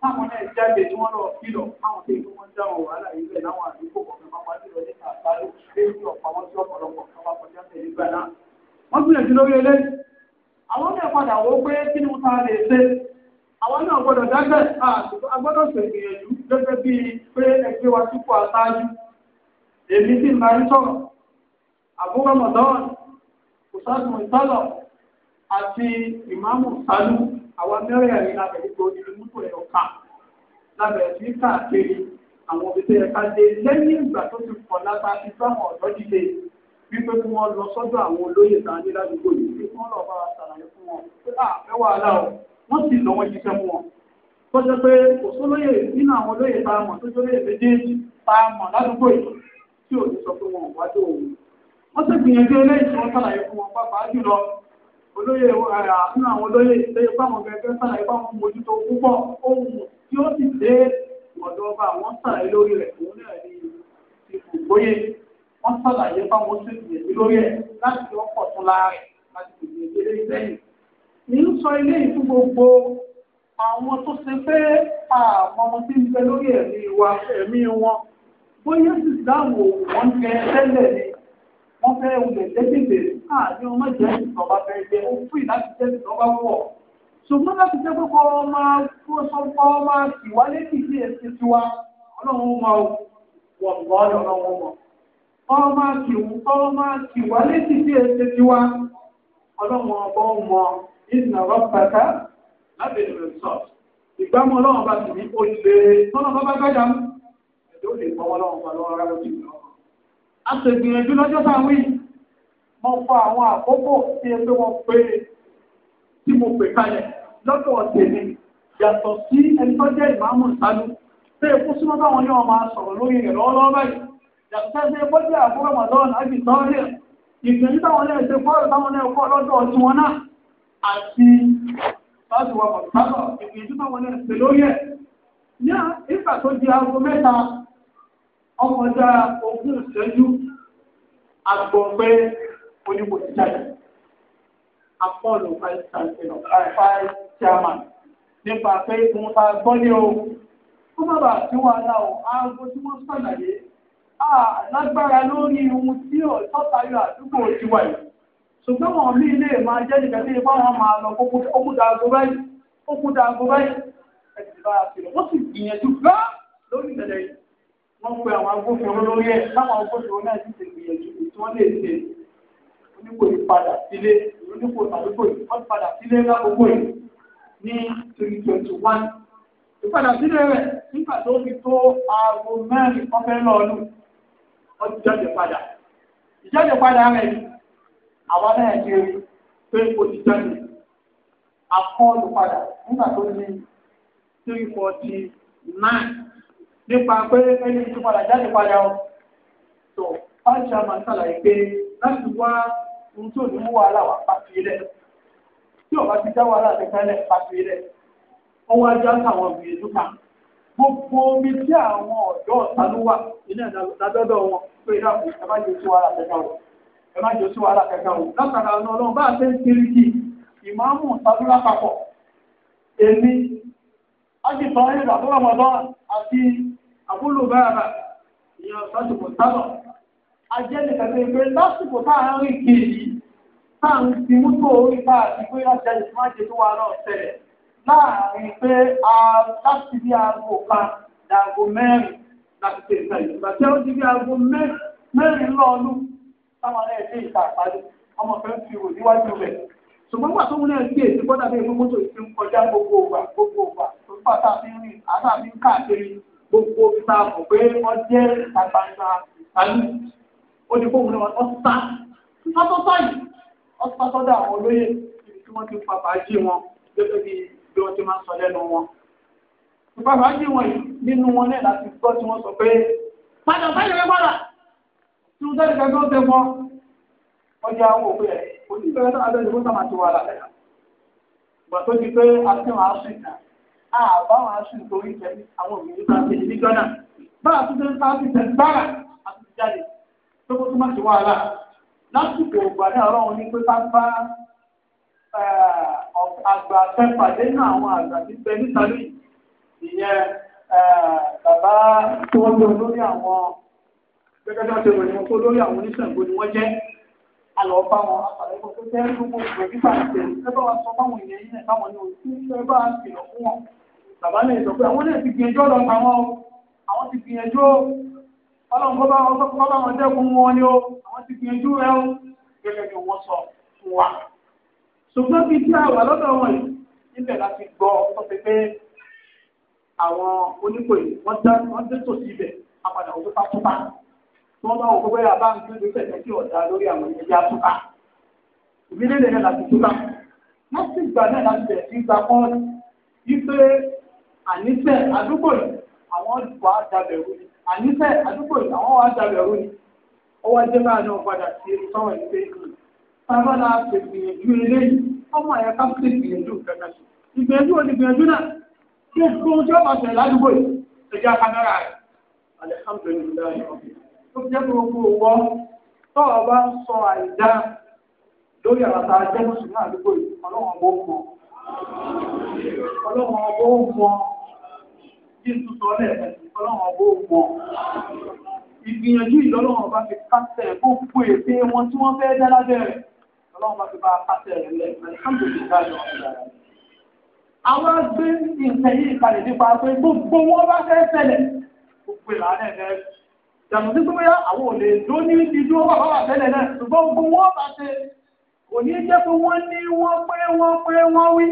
táwọn náà jáde tí wọ́n lọ fi lọ táwọn tó yẹ kí wọ́n dáhùn wàhálà yìí bẹ̀ láwọn àdúgbò kọ̀ọ̀kan pápá jùlọ ní àbálò lẹ́yìn ọ̀pọ̀ àwọn tí ọ̀pọ̀lọpọ̀ kan bá kọjá tẹ̀lé gbà náà wọ́n gbìyànjú lórí eléyìí àwọn náà padà wọ pé kí ni mo ta lè ṣe àwọn náà gbọ́dọ̀ dágbẹ agbọ́dọ̀ ṣègbìyànjú gẹ́gẹ́ bíi pé ẹgbẹ́ àti ìmáàmù sálú àwọn mẹ́rẹ̀ẹ̀rin lábẹ́ gbogbo nínú mọ́tò ẹ̀ ọ̀ka lábẹ́ sí káàkiri àwọn òbí tó yẹ ká dé lẹ́yìn ìgbà tó ti pọ̀ lápá ti tó àwọn ọ̀dọ́ dìde wípé kí wọ́n lọ sọ́dọ̀ àwọn olóyè tá a ní ládùúgbò yìí pé kí wọ́n lọ bá wa ṣàlàyé fún wọn pé àfẹ́ wàhálà o wọ́n sì lọ wọ́n jíṣẹ́ fún wọn. tó jẹ́ pé kò sólóyè nínú àwọn olóyè tá a mọ̀ tó jólóyè méjèèjì tá a mọ̀ ládùúgbò yìí tí ò ní sọ pé wọn ò wájú òun olóyè eh, àánú àwọn olóyè ìtẹ́yẹ fáwọn gẹ́gẹ́ sàlàyé fáwọn mójútó púpọ̀ ohun tí ó sì dé ọ̀dọ̀ ọba àwọn sàlàyé lórí rẹ̀ òun náà ní ipò gbóyè wọ́n sàlàyé fáwọn sì gbìyànjú lórí ẹ̀ láti ọkọ̀ tún láàrẹ̀ láti gbìyànjú eléyìí lẹ́yìn. ń sọ ilé ìfún gbogbo àwọn tó ṣe pé àwọn ọmọ tí ń bẹ lórí ẹ̀mí wa ẹ̀mí wọn bóyá sì dáhùn òun wọn jẹ tẹ́lẹ̀ ni wọ́n fẹ́ wulẹ̀ tẹ́tẹ̀tẹ̀ àní ọmọ jẹ́ ìjọba bẹ́ẹ̀ jẹ́ ó fún ìláti jẹ́ ìjọba wọ̀ ṣùgbọ́n láti jẹ́ pé kọ́ máa kó sọ kọ́ máa kì wá létí sí ẹsẹ̀ tiwa ọlọ́run ó máa wọ̀ lọ́ọ̀lọ́ ọlọ́run ó mọ̀ kọ́ máa kì kọ́ máa kì wá létí sí ẹsẹ̀ tiwa ọlọ́run ọgbọ́n mọ ìdìnnà rọ́pàtà lábẹ́ ìrẹsọ̀ ìgbàmọ́ ọlọ́run bá sì ní ó lè tọ́nà bá bá mo fa àwọn àkókò tí ẹ pé wọ́n pé tí mo pè kalẹ̀ lọ́dọ̀ ọ̀tẹ̀ yàtọ̀ sí ẹni tó jẹ́ ìmáàmù ìsánú pé ikú súnmọ́ báwọn yóò máa sọ̀rọ̀ lórí rẹ̀ lọ́wọ́lọ́wọ́ báyìí yàtọ̀ ẹgbẹ́ oníkò ti jáde apọ́ọ̀lù five chancellor five uh, chairman nípa pé òun ta gbọ́ ní o kó má bàa tí wàhálà o aago tí wọ́n sàlàyé lágbára lórí ohun tí ọ̀tọ́ta yọ àdúgbò ti wà yìí ṣùgbọ́n wọn mí lè máa jẹ́ nìkan tí ipá wọn máa lọ ókúta aago báyìí ókúta aago báyìí ẹ̀sìn bá a ṣẹlẹ̀ wọ́n sì gbìyànjú gbá lórí ìṣẹ̀lẹ̀ yìí wọ́n pe àwọn agbófinró lórí ẹ̀ láwọn agbófinró náà sì ti gbìyànjú tí wọ́n lè ṣe oníkò yìí padà sílé oníkò tàbíkò yìí wọ́n padà sílé lákòókò yìí ní twenty twenty one ìpadà sílé rẹ̀ nígbà tó fi tó aago mẹ́rin kọ́fẹ́ lọ́ọ̀lù wọ́n ti jáde padà ìjáde padà rẹ̀ ni àwa náà ti rí pé o ti jáde akọ́ọ̀lù padà nígbà tó ní three forty nine nípa pé ẹni tó padà jáde padà o tó ọjà máa ń sàlàyé pé láti wá ní tó ní mú wàhálà wà pàṣẹ rẹ̀ tí ọba ti dá wàhálà ti kálẹ̀ pàṣẹ rẹ̀ ọwọ́ ajá táwọn gbìyànjú kan gbogbo omi tí àwọn ọ̀dọ́ ọ̀tá ló wà ilé ìdádọ́dọ̀ wọn pé ìdáàbò ẹ má sí wàhálà o ẹ má sí wàhálà o látara ọ̀nà ọlọ́run bá a ṣe ń kiri kì ìmáàmù ìtàdúrà papọ̀ èmi ajẹ́nìkan tó ń pè lásìkò táwọn rìn kiri táwọn ti mú tó orí káàkiri pé ọjà ìsúnmájẹ tó wà náà tẹ̀lẹ̀ láàrin pé láti bí aago kan dàgò mẹ́rin láti ṣe ìgbà ìgbà tí ó ti bí aago mẹ́rin lọ́ọ̀lù táwọn ará ẹ̀dẹ́ ìta àpárí ọmọ fẹ́ fi wò níwájú rẹ̀ ṣùgbọ́n nígbà tó múlẹ̀ sí èsì bọ́dà bí epo mọ́tò ti ń kọjá gbogbo ògbà gbogbo ògbà tó fà tá a fi ń rìn àtàfi ń káàkiri gbogbo ìta mọ̀ pé wọ́n jẹ́ ìta gbangba ó ní fóun náà ọ̀sá sátọ́sá yìí ọ̀sá sọ́dọ̀ àwọn olóyè tí wọ́n ti pa bàájì wọn gẹ́gẹ́ bí bí wọ́n ti máa sọ lẹ́nu wọn. ìpa bàájì wọn yìí nínú wọn náà láti gbọ́ tí wọ́n sọ pé padà sáyẹn rẹ padà tí wọ́n tẹ́lẹ̀ fẹ́ẹ́ tẹ́ fọ́ ọjà àwọn òkú ẹ̀ oníbẹ̀rẹ̀ náà abẹ́rẹ́ ló sàmà ti wà lálẹ́ náà. ìgbà tó ti pé akínwá sùn náà àbáwọn aṣọ ìtòrí ìtẹ́lẹ̀ àwọn òmìnira ti di gbọ́nà báwa tó ti ń sáà ti tẹ̀ gbára àti jáde tó kó tó má ṣe wàhálà lásìkò ògbà náà ọlọ́run ní pé ká bá àgbà àtẹ́pàdé náà àwọn àgbà tí bẹ nítorí ìyẹn bàbá tó wọ́n tó lórí àwọn gẹ́gẹ́ bí wọ́n ṣe rò ní wọn tó lórí àwọn oníṣègùn ni wọ́n jẹ́ àlọ́ bá wọn àtàlẹ́kọ̀ọ́ tó jẹ́ gbogbo ìgbà nígbà tí ẹ bá wa sọ fáwọn èèyàn yìí náà táwọn ní oṣù tó ẹ bá wa kìlọ̀ fún wọn bàbá náà sọ pé àwọn náà ti gbìyànjú ọ̀dọ̀ ọlọ́run kọ́ bá wọn tó kọ́ bá wọn dẹ́kun wọn ni ó àwọn ti gbìyànjú rẹ ó gẹ́gẹ́ bí wọ́n sọ fún wa. ṣùgbọ́n bíi tí a wà lọ́dọ̀ wọn yìí níbẹ̀ láti gbọ́ tó fi pé àwọn oníkò yìí wọ́n dá wọ́n dé tòsí ibẹ̀ apàdà òkúta túpa tí wọ́n bá wọn gbogbo yà bá ń gbé lóṣẹ̀ tẹ́tí ọ̀dà lórí àwọn ẹ̀yà túpa ìbílẹ̀ lẹ́yìn láti túpa wọ́n sì gbà náà láti bẹ̀rẹ̀ sí gba pọ́n yí pé àníṣe àdúgbò yìí àwọn olùkọ́ àdàbẹ̀rù ni ànífẹ́ àdúgbò yìí àwọn wa dàbẹ̀ ọ̀rọ̀ ni ó wá jẹ́ báyìí náà padà sí sọ́wọ́n ìgbé kan sábà náà ṣe gbìyànjú ilé yìí ọmọ ẹ̀yà ká ṣe gbìyànjú kẹta sí ìgbìyànjú òní gbìyànjú náà tí ó fún ojú ọmọ ṣẹlẹ̀ ládùúgbò yìí ṣèjá kámẹ́rà rẹ̀ alihamudulilayi ó jẹ́ gbogbo wọ́ tọ́ọ̀ bá ń sọ àìdá lórí àràtà ajẹ́mọ̀sùn náà àdúgbò yìí ọlọ́wọ́n bó mọ̀ ọlọ́wọ́n bó mọ̀ kí n tún sọ lẹ́ẹ̀kan ìfọlọ́wọ́n bó wọ̀ ìgbìyànjú ìlọ́lọ́wọ́n bá fi kásẹ̀ gbogbo ète wọn tí wọ́n fẹ́ dá lábẹ́ rẹ̀ ọlọ́wọ́n bá fi bá kásẹ̀ rẹ̀ lẹ́ẹ̀kan àwọn gbé ìtẹ̀yìn ìkàlẹ̀ nípa pé gbogbo wọn bá fẹ́ ṣẹlẹ̀ gbogbo ìlànà ẹ̀fẹ́ yàtọ̀ sí pé bóyá àwọn ò lè dó ní ìdúró bàbá wà tẹ́lẹ̀ náà ṣùgbọ́n gbogbo wọn bá ṣe kò ní jẹ́ pé wọ́n ní wọ́n pé wọ́n pé wọ́n wí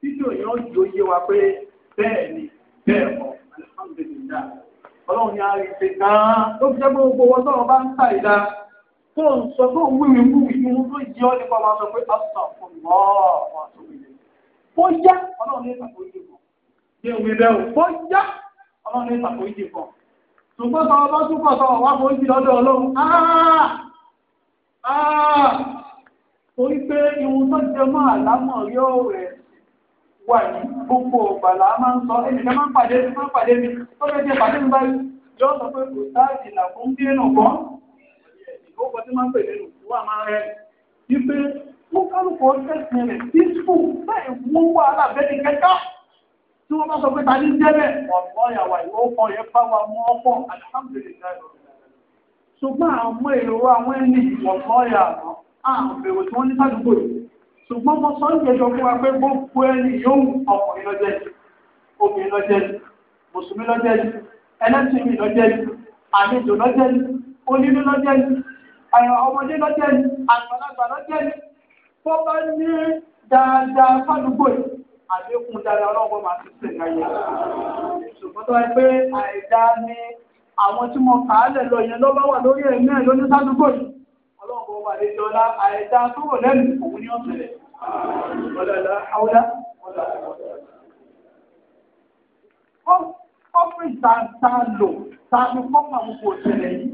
títí òyìn ó jò yé wa pé bẹ́ẹ̀ ni bẹ́ẹ̀ ni a rí ṣe gan-an ló fi jẹ́ pé gbogbo wọn tọ́wọ́ bá ń ta ìdá tó ń sọ tó ń wíwí wíwí ni wọn tó jẹ́ ọ́ nípa máa sọ pé ọ̀sán fún mọ́ ọ̀sán tó wí lẹ́yìn. ó yá ọlọ́run ní ìtàkùn ìdí kan ṣé òwe bẹ́ẹ̀ o ó yá ọlọ́run ní ìtàkùn ìdí kan ṣùgbọ́n sọ̀rọ̀ bá túbọ̀ sọ̀rọ̀ wá fún ìdí lọ́dọ̀ ọlọ́run wà ní gbogbo ọ̀gbàlà máa ń sọ ẹnìkan máa ń pàdé mi máa ń pàdé mi tó fẹ́ jẹ́ pàdé mi báyìí yóò sọ pé kò sáàjì là fún bí nù kọ́ ìkókò tí máa ń pè nínú wà máa rẹ ni pé wọ́n kálukú ọ̀sẹ̀sìn rẹ̀ peaceful láì wọ́n wà lábẹ́ni kẹta tí wọ́n bá sọ pé ta ní jẹ́ ọ̀pọ̀ ìyàwó ìwọ́pọ̀ yẹn bá wa mú ọ̀pọ̀ alihamudulilayi ṣùgbọ́n àwọn ṣùgbọ́n mo sọ ń jẹjọ fún wa pé gbogbo ẹni yóò ọkùnrin lọ́jẹ́ yìí obìnrin lọ́jẹ́ yìí mùsùlùmí lọ́jẹ́ yìí ẹlẹ́sìn mi lọ́jẹ́ yìí àlejò lọ́jẹ́ yìí onílù lọ́jẹ́ yìí ọmọdé lọ́jẹ́ yìí àgbàlagbà lọ́jẹ́ yìí tó bá ní dáadáa fádùúgbò yìí àlékún dáadáa ọlọ́gbọ́n máa ti sè láyé ṣùgbọ́n tó wáyé pé àìdáa ni àwọn tí mo kà á lẹ̀ lọ yẹn lọ́ bá wà lórí ẹ̀mí ẹ̀ lóní sádùúgbò yìí ọlọ́run kò wà lẹ́jọ́ ọlá àìdá tó rò lẹ́nu òun ni ó ṣẹlẹ̀ ọ̀dọ̀dọ̀ àwọlá ọ̀pìn tá a lò tá a ní kọ́pà ń kò ṣẹlẹ̀ yìí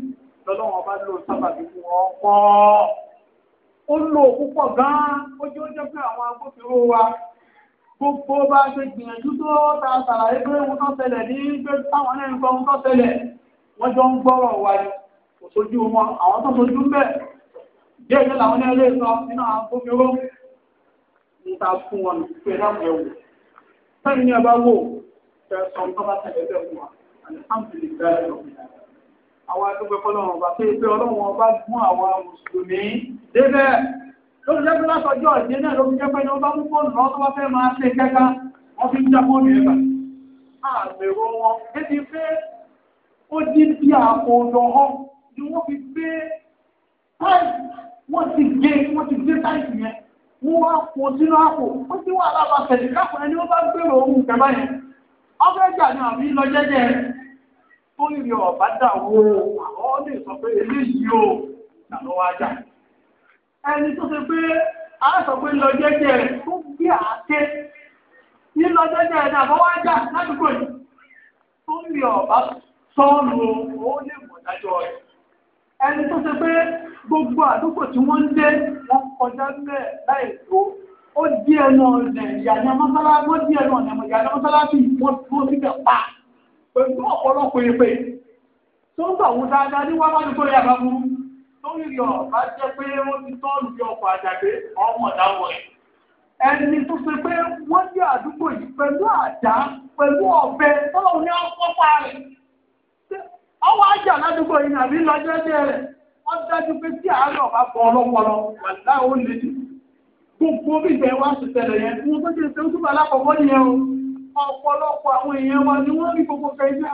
lọ́lọ́run ọba lò sábàbí fún wọn pọ̀ ó lò púpọ̀ gan-an ó jẹ́ ó jẹ́ pé àwọn agbófinró wa gbogbo bá ṣe gbìyànjú tó ta ṣàlàyé pé ohun tó ṣẹlẹ̀ ní pé táwọn náà ń díẹ̀ ní làwọn ilé sọ nínú àwọn gómìnà ń ta fún wọn pé láwọn ẹwù sẹ́yìn ní ọba wò fẹ́ sọ ń bábá tẹ̀lé bẹ́ẹ̀ fún wa alihamdulilayi àwọn adúgbò fọlọ́run ọba pé pé ọlọ́run ọba gún àwọn mùsùlùmí débẹ̀ lórí lẹ́gbẹ́ látọjọ́ ìdí náà ló fi jẹ́ pé ní wọ́n bá mú fóònù lọ́wọ́ tó bá fẹ́ máa ṣe kẹ́kẹ́ wọ́n fi ń já fóònù ẹ̀bà àgbèrò wọn débi pé ó dín bí àpò ọ̀dọ̀ hàn wọ́n ti gé wọ́n ti gé táìsì yẹn wọ́n wá pò sínú àpò wọ́n ti wà lábàá tẹ̀lé káfọ́ ẹni wọ́n bá gbèrò ohun ìjọba yẹn ni àbí lọ jẹ́jẹ́ tó ọ̀bá dà wó àwọn lè sọ pé eléyìí o wá jà ẹni tó ṣe pé a sọ pé lọ jẹ́jẹ́ tó gbé àáké jẹ́jẹ́ àbọ̀ wá jà ládùúgbò yìí tó ọ̀bá sọ́ọ̀nù ó lè mọ̀ gbogbo àdúgbò tí wọ́n ń dé wọ́n kọjá bẹ́ẹ̀ láì tó ó di ẹnu ọ̀nà di ẹnu ọ̀nà wọ́n síbẹ̀ pa pẹ̀lú ọ̀pọ̀lọpọ̀ èpè tó ń wọn dáadáa ní ní tó ń pé ti bí ọkọ̀ àjàgbé ọmọ ẹ̀ ẹni tó ṣe pé wọ́n dé àdúgbò yìí pẹ̀lú àdá pẹ̀lú ọ̀bẹ tọ́lọ́ ní ọkọ̀ pa wọ́n dájú pé tí àárọ̀ bá fọ ọlọ́pọlọ wà láwọn olè jù gbogbo bí ìgbà wa ṣe tẹ̀lẹ̀ yẹn tí wọ́n tó ṣe ṣe ń túbọ̀ alákọ̀ọ́kọ́ nìyẹn o ọ̀pọ̀lọpọ̀ àwọn èèyàn wa ni wọ́n rí gbogbo kẹjá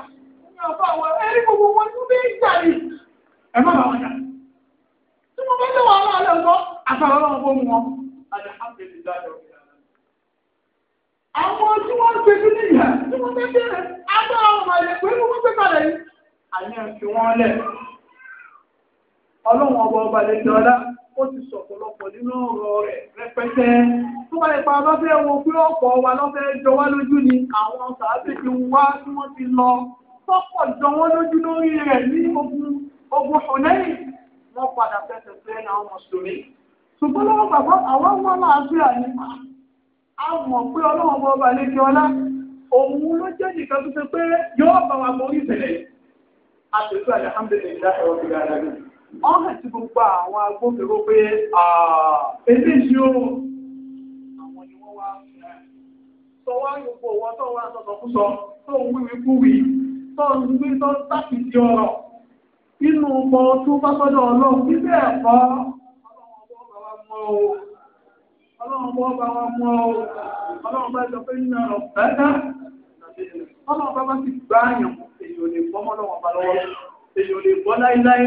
ní ọ̀pọ̀ àwọn ẹ̀rí gbogbo wọn tún bí ìjà rí ẹ má bàa wọn jà tí mo bá tẹ̀ wọ́n aláàlẹ́ ọ̀gọ́ àtàwọn ọlọ́run fún wọn alihamudulilayi ọ̀gá àwọn tí wọ́n ṣe tún níyà tí wọ́n fẹ́ bẹ̀rẹ̀ ọlọ́run ọba ọba lè jọ ọlá ó ti sọ̀pọ̀lọpọ̀ nínú ọ̀rọ̀ rẹ̀ rẹpẹtẹ tó bá ipa bá fẹ́ wo pé ọ̀pọ̀ wa lọ́fẹ́ jọ wá lójú ni àwọn sàábẹ̀ ti wá tí wọ́n ti lọ tọ́pọ̀ jọ wọ́n lójú lórí rẹ̀ ní ogun ogun ṣọ̀nẹ́yìn wọ́n padà fẹsẹ̀ fẹ́ àwọn mùsùlùmí ṣùgbọ́n lọ́wọ́ bàbá àwọn wọn máa fi a mọ̀ pé ọlọ́run ọba ọba lè jọ ọlá òun ló jẹ́ nìkan tó ṣe pé yóò bá wa borí ìṣẹ̀lẹ̀ àtẹ̀sí alhamdulilayi ọ̀gbìn wọ́n hàn sí gbogbo àwọn agbófinró pé eléyìí ó àwọn ni wọ́n wá sọ wá gbogbo ọwọ́ tó wá sọ̀tọ̀kúsọ tó ń wíwí kúwì tó ń gbé tó ń sákìtì ọ̀rọ̀ inú ọmọ tó bá gbọ́dọ̀ ọlọ́run bíbẹ̀ ẹ̀kọ́ ọlọ́run bá wa mú ọ ọlọ́run bá jọ pé nínú ọ̀rọ̀ bẹ́ẹ̀ ọlọ́run bá bá ti gbá àyàn èèyàn lè bọ́ mọ́ lọ́wọ́ bá lọ́wọ́ èèyàn lè bọ́ láíláí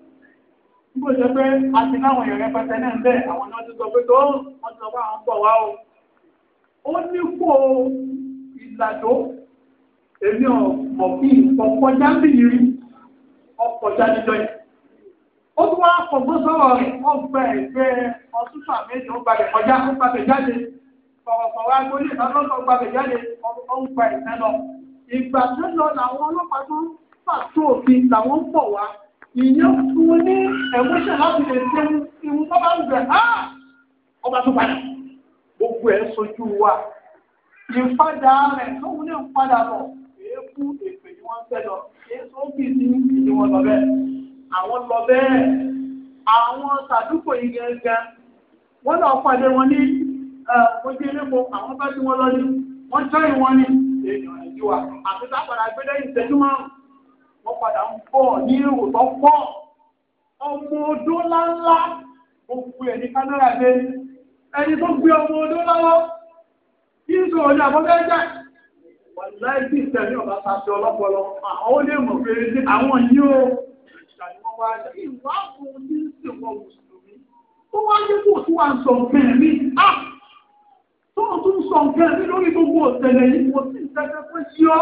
nígbò jẹ́ pé a ti láwọn èèyàn rẹpẹtẹ náà bẹ́ẹ̀ àwọn náà ti sọ pé tó wọ́n ti sọ pé àwọn ń bọ̀ wá o. ó ní kó ìlàdó èmi ò mọ̀ bí ìfọ̀kọjá ń bì yìí ọkọ̀ jáde ó tún wá kọ̀gbọ́n sọ̀rọ̀ rẹ̀ wọ́n gba ẹ̀gbẹ́ ọ̀túnfà méjì ó gbalẹ̀ kọjá ó gbalẹ̀ jáde kọ̀wọ̀kọ̀ wá gbólé ìdánlọ́sọ̀ gbalẹ̀ jáde ó ìyẹn fún un ní ẹ̀mọ́ṣẹ́ láti lè ṣe ìwọ̀n tó bá ń bẹ̀ á ah! ọba tó padà gbogbo ẹ̀ sojú wa ìpadà rẹ̀ tóun ní ìpadà lọ èékú èpè ni wọ́n fẹ́ lọ èso bì sí ìdí wọn lọ bẹ́ẹ̀ àwọn lọ bẹ́ẹ̀ àwọn tàdúgbò yìí gẹ́gẹ́ wọ́n lọ pàdé wọn ní ojú elépo àwọn bá tí wọ́n lọ ní wọ́n jọ́ ìwọ́n ní èèyàn ẹ̀jú wa àti tápàdà gbẹ́dẹ́ ìṣẹ́jú márùn-ún wọ́n padà ń bọ̀ ní èrò tó pọ̀ ọmọ odó ńláńlá gbogbo ẹni kánára lé ẹni tó gbé ọmọ odó ńláńlá kí n sọ̀rọ̀ ní àbọ̀fẹ́ jẹ́ wàláì tí ìtẹ̀lé ọ̀gá sáfì àwọn olè mọ̀ pé àwọn yìí ó ìwádùn wá ní kò kò sí sí ọ́.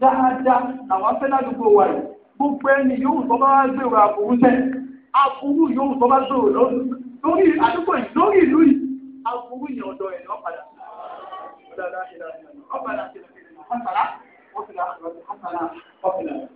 dáadáa làwọn afẹ́ ládùúgbò wa yìí gbogbo ẹni yóò tó bá gbèrò àbúrú tẹ àbúrú yóò tó bá gbèrò lórí àdúgbò yìí lórí ìlú yìí àbúrú yìí ọ̀dọ̀ ẹ̀ ní ọ̀padà ọ̀padà ti lọ sí ọ̀padà ọ̀padà ọ̀padà ọ̀padà.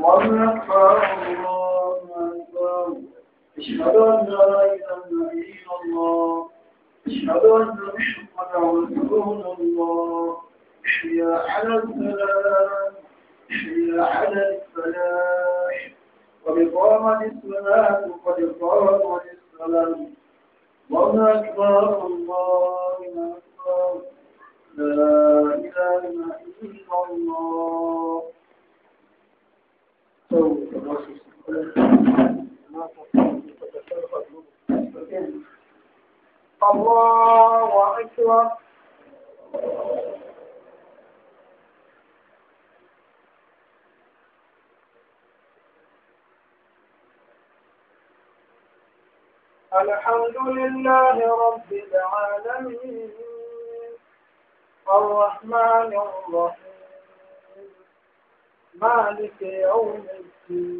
الله أكبر الله أكبر أشهد أن لا إله إلا الله أشهد أن محمدا رسول الله حي على السلام حي على الفلاح وبقامة الصلاة قد قامت الصلاة الله أكبر الله أكبر لا إله إلا الله سوف نصل الله أكبر الحمد لله رب العالمين الرحمن الرحيم مالك يوم الدين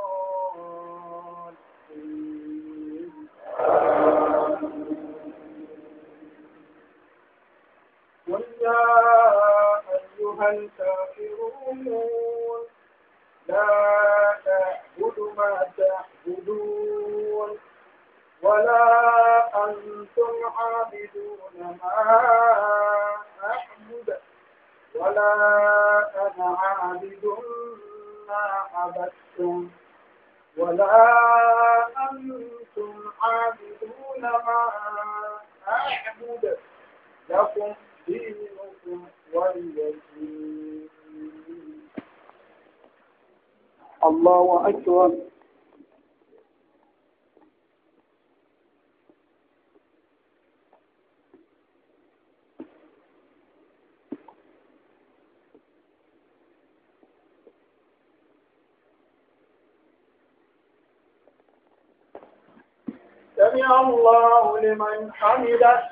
الكافرون لا أعبد ما تعبدون ولا أنتم عابدون ما أعبد ولا أنا عابد ما عبدتم ولا أنتم عابدون ما أعبد لكم دينكم الله أكبر سمع الله لمن حمده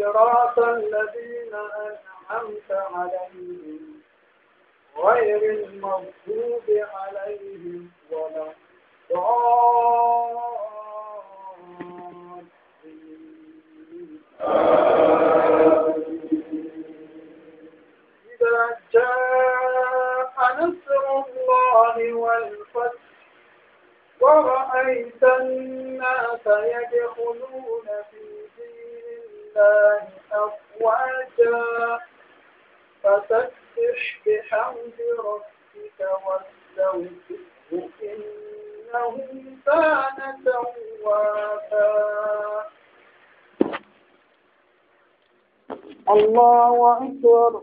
صراط الذين أنعمت عليهم غير المغضوب عليهم ولا إذا جاء نصر الله والفتح ورأيت الناس يدخلون في الله أفواجا فسبح بحمد ربك واستغفره إنه كان توابا الله أكبر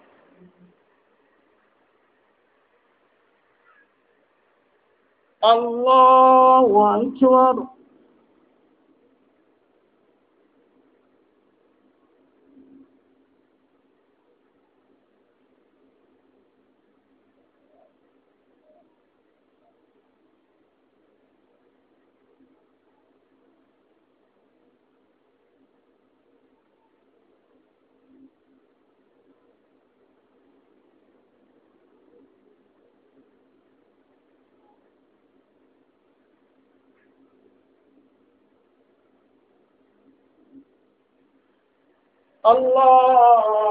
الله أكبر الله